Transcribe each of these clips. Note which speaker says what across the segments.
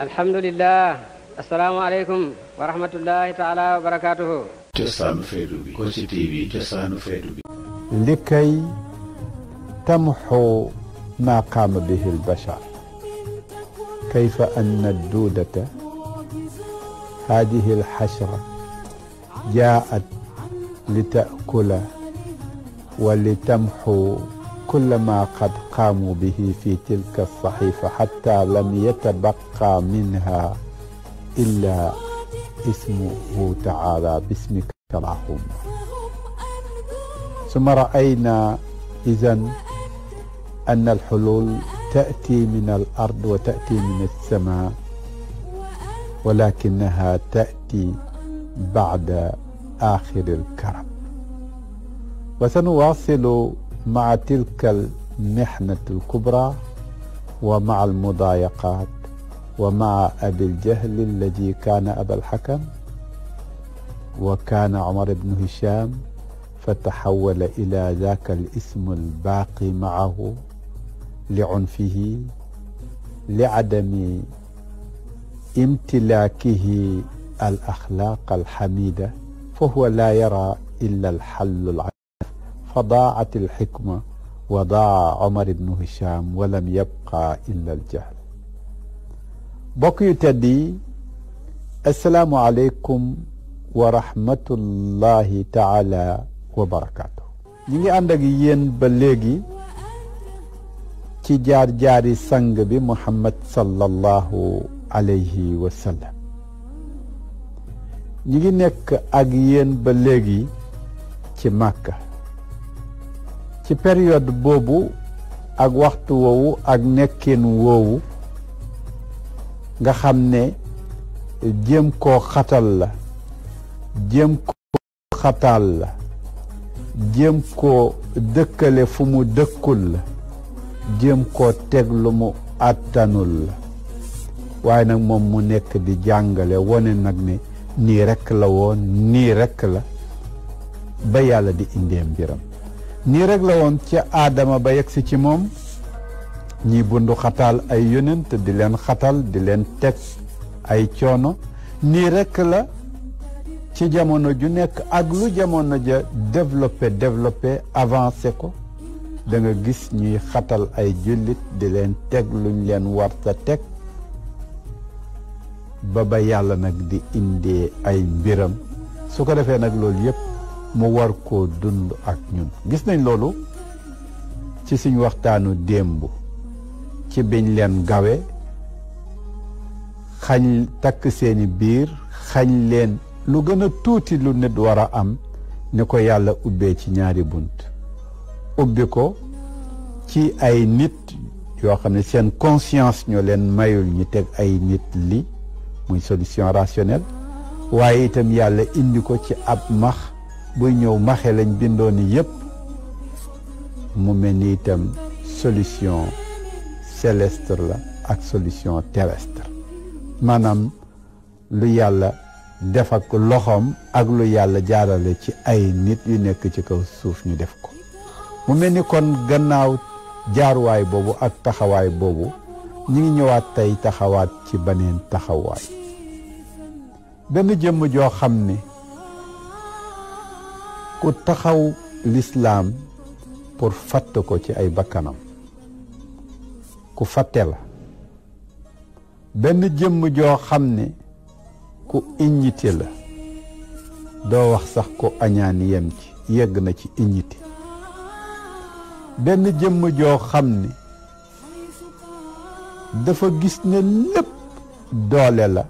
Speaker 1: الحمد لله السلام عليكم ورحمة الله تعالى وبركاته جسان فيدوبي كوشي تي في جسان فيدوبي لكي تمحو ما قام به البشر كيف أن الدودة هذه الحشرة جاءت لتأكل ولتمحو كل ما قد قاموا به في تلك الصحيفة حتى لم يتبقى منها إلا اسمه تعالى باسمك اللهم ثم رأينا إذا أن الحلول تأتي من الأرض وتأتي من السماء ولكنها تأتي بعد آخر الكرم وسنواصل مع تلك المحنة الكبرى ومع المضايقات ومع أبي الجهل الذي كان أبا الحكم وكان عمر بن هشام فتحول إلى ذاك الاسم الباقي معه لعنفه لعدم امتلاكه الأخلاق الحميدة فهو لا يرى إلا الحل العجيب فضاعت الحكمة وضاع عمر بن هشام ولم يبقى إلا الجهل بقي تدي السلام عليكم ورحمة الله تعالى وبركاته نيجي عندك ين بلغي تي جار جاري سنگ بمحمد صلى الله عليه وسلم نيجي نك اغيين بلغي تي مكه ci période boobu ak waxtu woowu ak nekkin woowu nga xam ne jéem koo xatal la jéem koo dëkkale fu mu dëkkul la jéem koo teg lu mu àttanul la waaye nag moom mu nekk di jàngale wone nag ne nii rekk la woon nii rekk la ba yàlla di indee mbiram nii rekk la woon ca aadama ba yegsi ci moom ñi bundu xataal ay yonent di leen xatal di leen teg ay coono nii rekk la ci jamono ju nekk ak lu jamono ja développé développé avancé ko danga gis ñuy xatal ay jullit di leen teg luñ leen warta teg ba ba yàlla nag di indee ay mbiram su ko defee nag loolu yépp mu war ko dund ak ñun gis nañ loolu ci suñ waxtaanu démb ci biñ leen gawe xañ takk seeni biir xañ leen lu gën a tuuti lu nit war a am ni ko yàlla ubbee ci ñaari bunt ubbi ko ci ay nit yoo xam ne seen conscience ñoo leen mayul ñu teg ay nit li muy solution rationnelle waaye itam yàlla indi ko ci ab max buy ñëw maxe lañ bindoon ni yépp mu mel ni itam solution céleste la ak solution terrestre maanaam lu yàlla def ak loxoom ak lu yàlla jaarale ci ay nit yu nekk ci kaw suuf ñu def ko mu mel ni kon gannaaw jaaruwaay boobu ak taxawaay boobu ñu ngi ñëwaat tey taxawaat ci beneen taxawaay benn jëmm joo xam ni ku taxaw l'islam pour fatte ko ci ay bakanam ku fatte la ben jëm jo xamne ku iññite la do wax sax ko añaan yem ci yegg na ci iññite ben jëm jo xamne dafa gis ne lepp doole la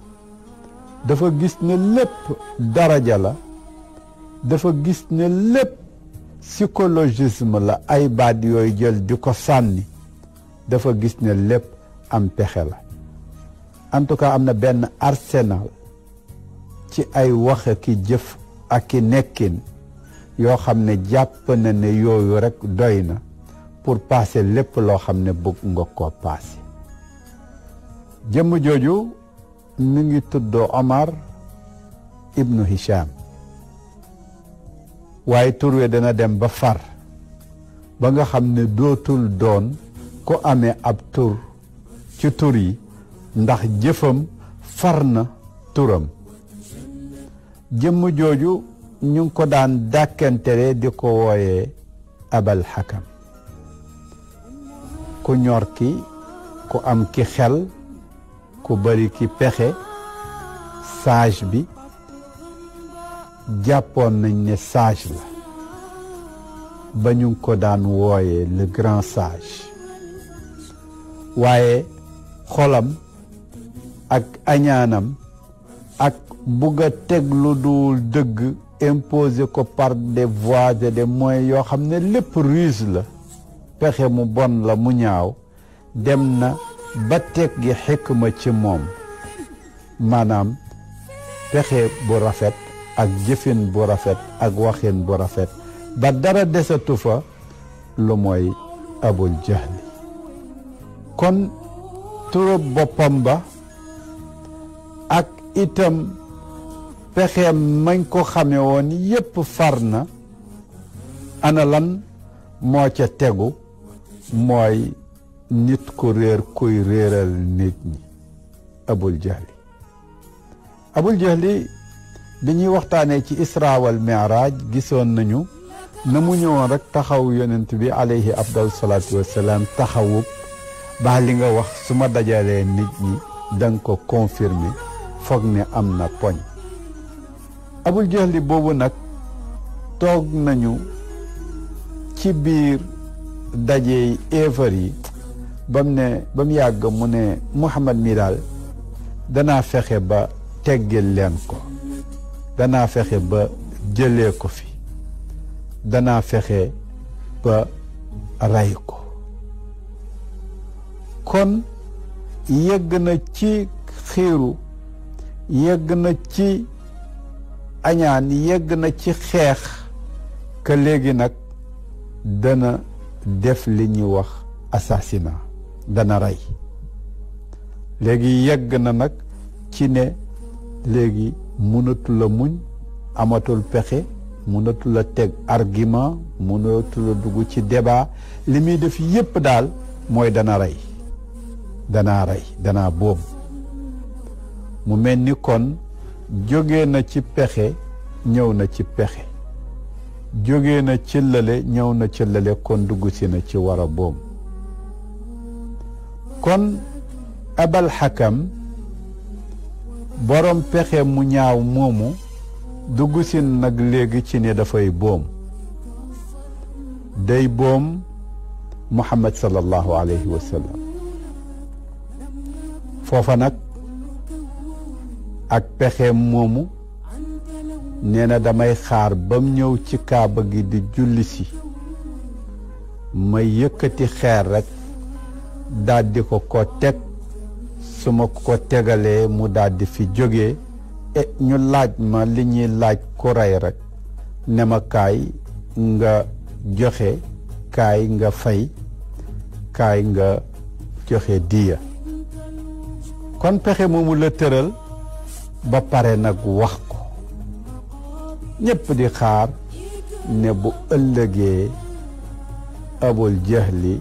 Speaker 1: dafa gis ne lepp daraja la dafa gis ne lépp psychologisme la ay baat yooyu jël di ko sànni dafa gis ne lépp am pexe la en tout cas am na benn arsenal ci ay wax ki jëf ak ki nekkin yoo xam ne jàpp na ne yooyu rek doy na pour passer lépp loo xam ne bëgg nga koo passé jëmm jooju mi ngi tuddoo Omar ibnu Hisham waaye tur wi dana dem ba far ba nga xam ne dootul doon ku amee ab tur ci tur yi ndax jëfam far na turam jëmm jooju ñu ko daan dàkkantere di ko wooyee abal xakam ku ñor ki ku am ki xel ku bari ki pexe sage bi jàppoon nañ ne sage la ba ñu ko daan wooyee le grand sage waaye xolam ak añaanam ak bugg a teg lu dul dëgg impose ko par des voies et des yoo xam ne lépp ruse la pexe mu bon la mu ñaaw dem na ba teg gi xikma ci moom maanaam pexe bu rafet ak jëfin bu rafet ak waxin bu rafet ba dara desatu fa lu mooy abul jahli kon turub boppam ba ak itam pexeem mañ ko xame woon yépp far na ana lan moo ca tegu mooy nit ku réer kuy réeral nit ñi abul jahli abul jahli bi ñuy waxtaanee ci isra wal gisoon nañu na mu ñëwoon rekk taxaw yonent bi alayhi afdal salaatu wasalaam taxawub baa li nga wax su ma dajalee nit ñi danga ko confirmer foog ni am na poñ abul jahli boobu nag toog nañu ci biir daje éefar yi ba mu ne ba mu yàgg mu ne Muhammad mi daal danaa fexe ba teggil leen ko danaa fexe ba jëlee ko fi danaa fexe ba ray ko kon yegg na ci xiiru yegg na ci añaan yegg na ci xeex que léegi nag dana def li ñuy wax assassinat dana rey léegi yegg na nag ci ne léegi mënatu muñ amatul pexe mënatula la teg argument mënatu la dugg ci débat li muy def yépp daal mooy dana rey dana rey danaa boom mu mel ni kon jóge na ci pexe ñëw na ci pexe jóge na ci lële ñëw na cëllale kon dugg si na ci war a boom kon abal xakam boroom pexe mu ñaaw moomu dugg si nag léegi ci ne dafay boom day boom muhammad sallallahu alayhi wa sallam foofa nag ak pexe moomu nee na damay xaar bam ñëw ci kaaba gi di julli si may yëkkati xeer rekk daldi ko ko teg su ma ko tegalee mu daldi fi jóge e ñu laaj ma li ñuy laaj ku rey rek ne ma kaay nga joxe kaay nga fay kaay nga joxe diya kon pexe moomu la tëral ba pare nag wax ko ñépp di xaar ne bu ëllëgee abul li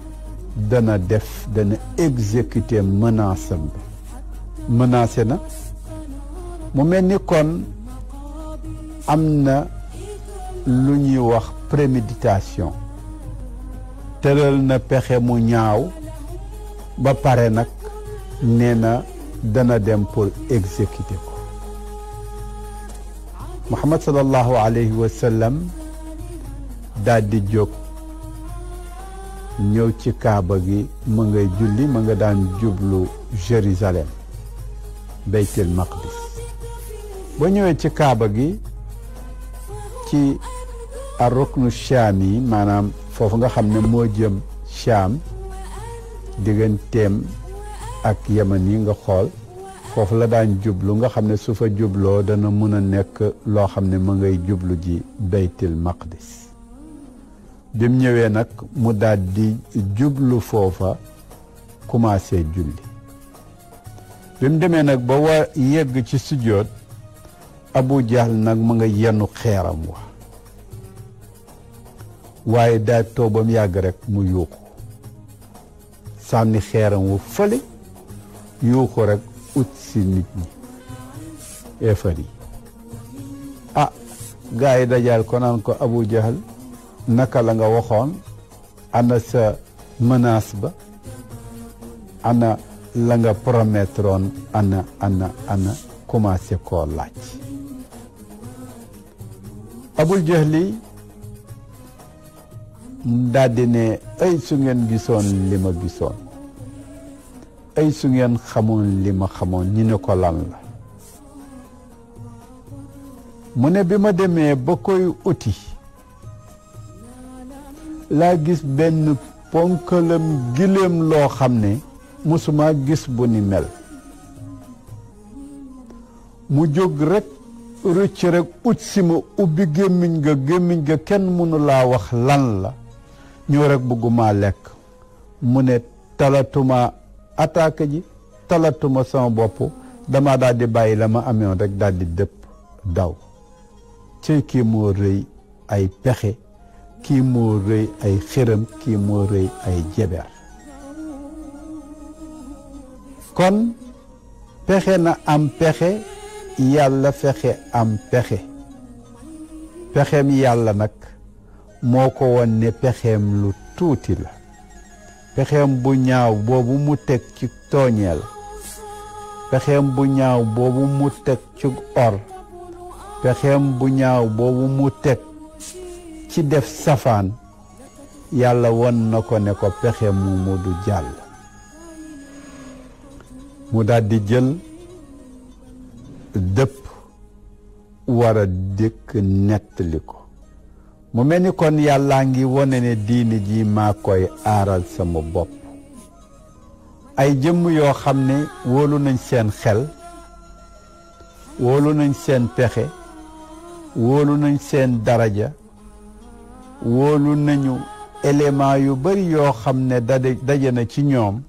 Speaker 1: dana def dana exécuter menace am bi menacé na mu mel ni kon am na lu ñuy wax préméditation tëral na pexe mu ñaaw ba pare nag nee na dana dem pour exécuter ko Muhammad sallallahu alayhi wa sallam daal di jóg ñëw ci kaaba gi ma ngay julli ma nga daan jublu Jérusalem beytil maqdis ba ñëwee ci kaaba gi ci arroknu shaam yi maanaam foofu nga xam ne moo jëm shaam digganteem ak yaman yi nga xool foofu la daan jublu nga xam ne su fa jubloo dana mën a nekk loo xam ne ma ngay jublu ji beytil maqdis bi mu ñëwee nag mu daldi jublu foofa commencé julli bi mu demee nag ba war yegg ci sujjoot Abu Jahl nag mu nga yenu xeeram wa waaye daal toog ba mu yàgg rekk mu yuuxu sànni xeeram wu fële yuuxu rekk ut si nit ñi eefar yi ah gars dajaal ko naan ko Abu Jahl naka la nga waxoon ana sa menace ba ana la nga promettre woon ana ana ana commencé koo laaj abul jahli daldi ne ay su ngeen gisoon li ma gisoon ay su ngeen xamoon li ma xamoon ñu ne ko lan la mu ne bi ma demee ba koy uti laa gis benn ponkalam giléem loo xam ne musuma gis bu ni mel mu jóg rek rëcc rek ut si ma ubbi gémmiñ ga gémmiñ nga kenn mënu wax lan la ñëw rek bëgguma lekk mu ne talatuma attaque ji talatuma sama bopp dama daldi bàyyi la ma amewoon rek daldi di dëpp daw cey kii moo rëy ay pexe kii moo ay xëram kii moo ay jeber kon pexe na am pexe yàlla fexe am pexe pexem yàlla nag moo ko won ne pexem lu tuuti la pexem bu ñaaw boobu mu teg ci tooñeel pexem bu ñaaw boobu mu teg ci or pexem bu ñaaw boobu mu teg ci def safaan yàlla won na ko ne ko pexe mu mu du jàll mu daldi jël dëpp war a dëkk nettali ko mu mel ni kon yàllaa ngi wone ne diini ji maa koy aaral sama bopp ay jëmm yoo xam ne wóolu nañ seen xel wóolu nañ seen pexe wóolu nañ seen daraja wóolu nañu élément yu bari yoo xam ne daje daje na ci ñoom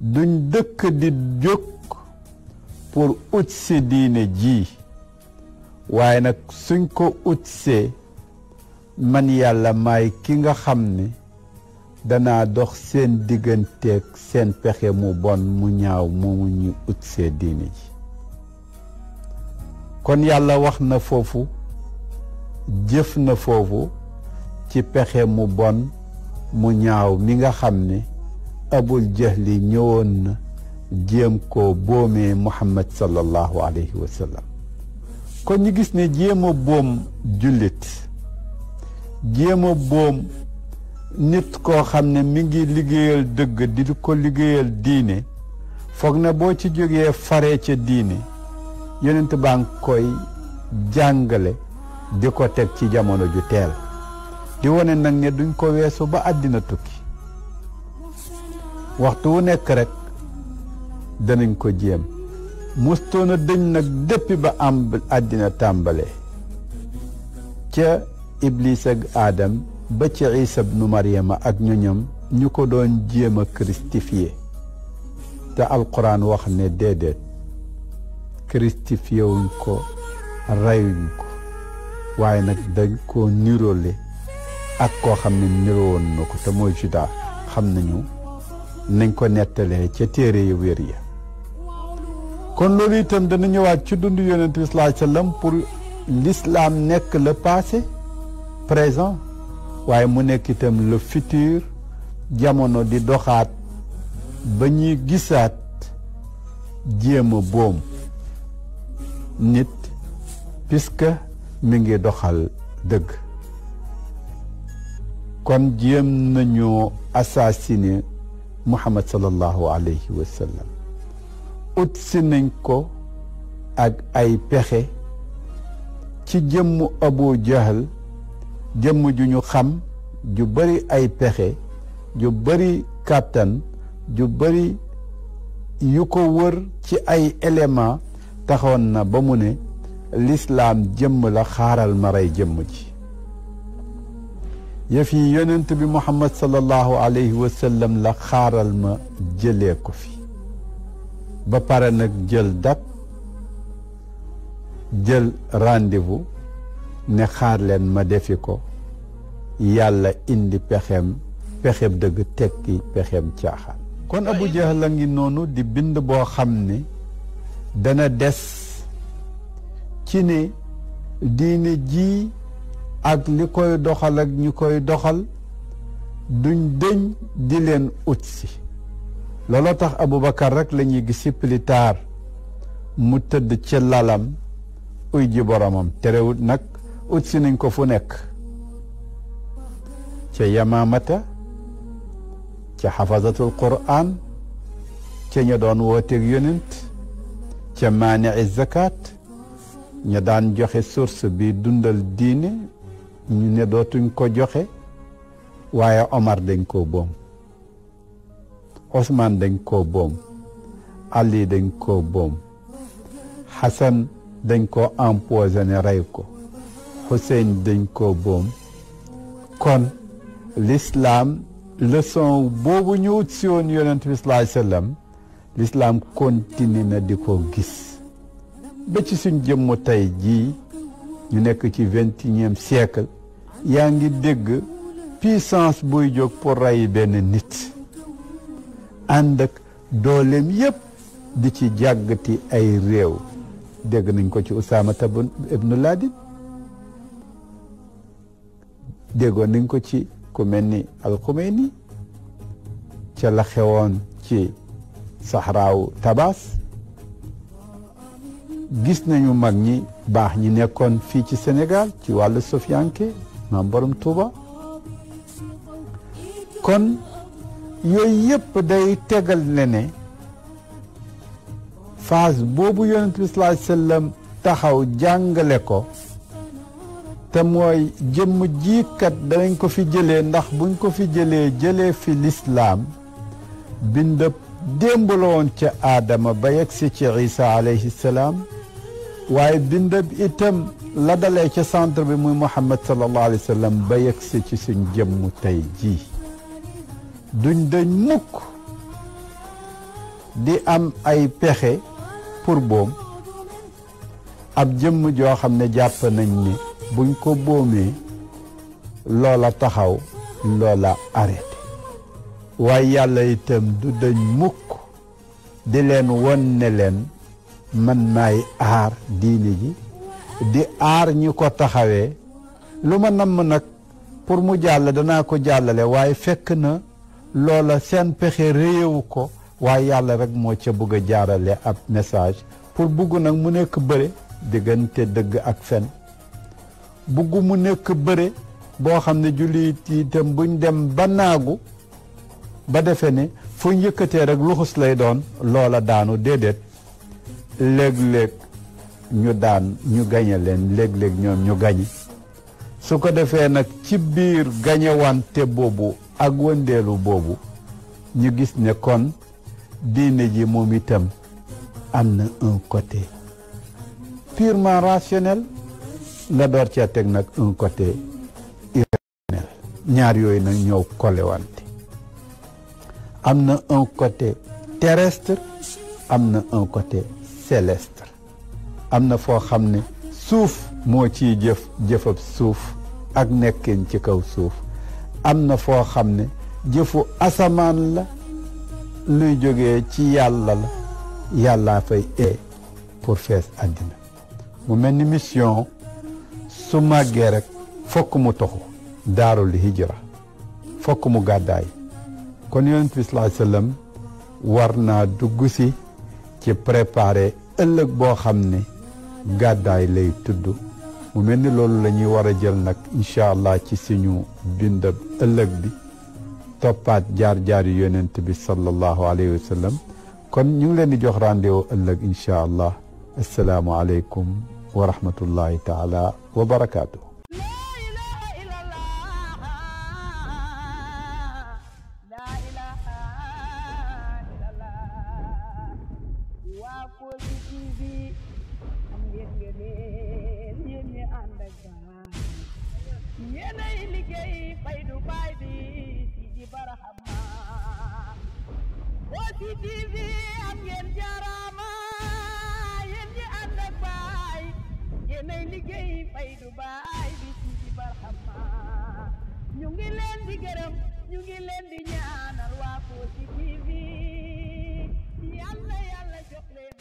Speaker 1: duñ dëkk di jóg pour utsi diine ji waaye nag suñ ko utsee man yàlla maay ki nga xam ne danaa dox seen digganteeg seen pexe mu bon mu ñaaw moomu ñu utsee diine ji kon yàlla wax na foofu jëf na foofu ci pexe mu bon mu ñaaw mi nga xam ne abul li ñëwoon na jéem koo boomee muhammad sallallahu alayhi wa sallam ñu gis ne jéem a jullit jéem a nit koo xam ne mu ngi liggéeyal dëgg di ko liggéeyal diine foog na boo ci jógee fare ca diine yonent baa ngi koy jàngale di ko teg ci jamono ju teel di wone nag ne duñ ko weesu ba àddina tukki waxtu wu nekk rekk danañ ko jéem mustoona dëñ nag déppi ba am àddina tàmbale ca iblis ak aadam ba ca isa bnu mariama ak ñoñam ñu ko doon jéem a christifié te alquran wax ne déedéet christifié wuñ ko reyuñ ko waaye nag dañ ko niroole ak koo xam ne nirowoon na ko te mooy Juda xam nañu nañ ko nettalee ca téere yu wér ya kon loolu itam dana ñëwaat ci dund yonent bi ca alayhi wasallam pour l'islam nekk la passé présent waaye mu nekk itam la futur jamono di doxaat ba ñuy gisaat jéema a boom nit puisque mi ngi doxal dëgg kon jéem nañoo assassiné Muhammad sallallahu alayhi wa sallam ut si nañ ko ak ay pexe ci jëmm Abu Jahal jëmm ju ñu xam ju bari ay pexe ju bari kàttan ju bari yu ko wër ci ay élément taxoon na ba mu ne lislaam jëmm la xaaral ma rey jëmm ji yëf yi yonent bi muhammad sallallahu alayhi wa sallam la xaaral ma jëlee ko fi ba pare nag jël date jël rendez-vous ne xaar leen ma defi ko yàlla indi pexem pexeb dëgg tekki pexem caaxaan kon abu jahal ngi noonu di bind boo xam ne dana des ci ne diine ji ak li koy doxal ak ñi koy doxal duñ dëñ di leen ut si looloo tax Aboubacar rek lañuy gis si plitaar mu tëdd ca lalam uy ji boromam terewut nag ut si nañ ko fu nekk ca yamamata ca xafazatul quran ca ña doon wooteek yonent ca maani zakat ña daan joxe source bi dundal diini ñu ne dootuñ ko joxe waaye Omar dañ ko boom osmaan dañ ko boom Ali dañ koo boom Hassan dañ koo empoisonné rey ko Hussein dañ ko boom kon l'islam leçon boobu ñu wut si woon yonent bi sallallahu alayhi wasallam na di ko gis ba ci suñ jëmm tey jii ñu nekk ci vingt et unième yaa ngi dégg puissance buy jóg pour rayi benn nit ànd doolem yépp di ci jàggati ay réew dégg nañ ko ci Usaama tabun ibnu Laden déggoon nañ ko ci ku mel ni al-Xumayni ca la xewoon ci saxraawu Tabas gis nañu mag ñi baax ñi nekkoon fii ci Sénégal ci wàllu sofiyanke maam kon yooyu yépp day tegal ne ne phase boobu yonent bi taxaw jàngale ko te mooy jëmm jiikat danañ ko fi jëlee ndax buñ ko fi jëlee jële fi lislaam bindëb démb ca aadama ba yegsi ci isa alayhi waaye bindab itam la dalee ca centre bi muy Muhammad sallallahu alayhi wa ba yegsi ci suñ jëmm tey jii duñ dañ mukk di am ay pexe pour boom ab jëmm joo xam ne jàpp nañ ni buñ ko boomee loola taxaw loola arrêté waaye yàlla itam du dañ mukk di leen won ne leen man maay aar diine ji di aar ñi ko taxawee lu ma namm nag pour mu jàll danaa ko jàllale waaye fekk na loola seen pexe réyewu ko waaye yàlla rek moo ca bëgg a jaarale ab message pour bugg nag mu nekk bëre diggante dëgg ak fen bugg mu nekk bëre boo xam ne jullit yi itam buñ dem ba naagu ba defe ne fu ñu yëkkatee rek luxus lay doon loola daanu déedéet léeg-léeg ñu daan ñu gañe leen léeg-léeg ñoom ñu gañe su ko defee nag ci biir gañewante boobu ak wëndeelu boobu ñu gis ne kon diine ji moom itam am na un côté purement rationnel nga door cee teg nag un côté irrationnel ñaar yooyu nag ñëw kolewante am na un coté terrestre am na un côté céleste am na foo xam ne suuf moo ciy jëf jëfab suuf ak nekkin ci kaw suuf am na foo xam ne jëfu asamaan la luy jóge ci yàlla la yàllaa fay ee pour fees àddina mu mel ni mission su màggee rek fokk mu toxu daarul hijra fokk mu gàddaay kon yonent bi sallallahu alayhi wa war naa dugg si ci préparer ëllëg boo xam ne gàddaay lay tudd mu mel ni loolu la ñuy war a jël nag incha allah ci suñu bindab ëllëg bi toppaat jaar-jaar yu yonent bi sallallahu alayhi wa sallam kon ñu ngi leen di jox rendez-vous ëllëg incha allah alaykum wa rahmatullahi taala wa barakatuh Kossy TV am ngeen ngeen yéen ñi ànd baay yéenay liggéey Faydu baay bi si ji barahama Kossy TV am ngeen jaaraama yéen ñi ànd baay yéenay liggéey Faydu baay bi si ji barahama ñu leen di gërëm ñu leen di ñaanal waa Kossy TV yàlla yàlla jox leen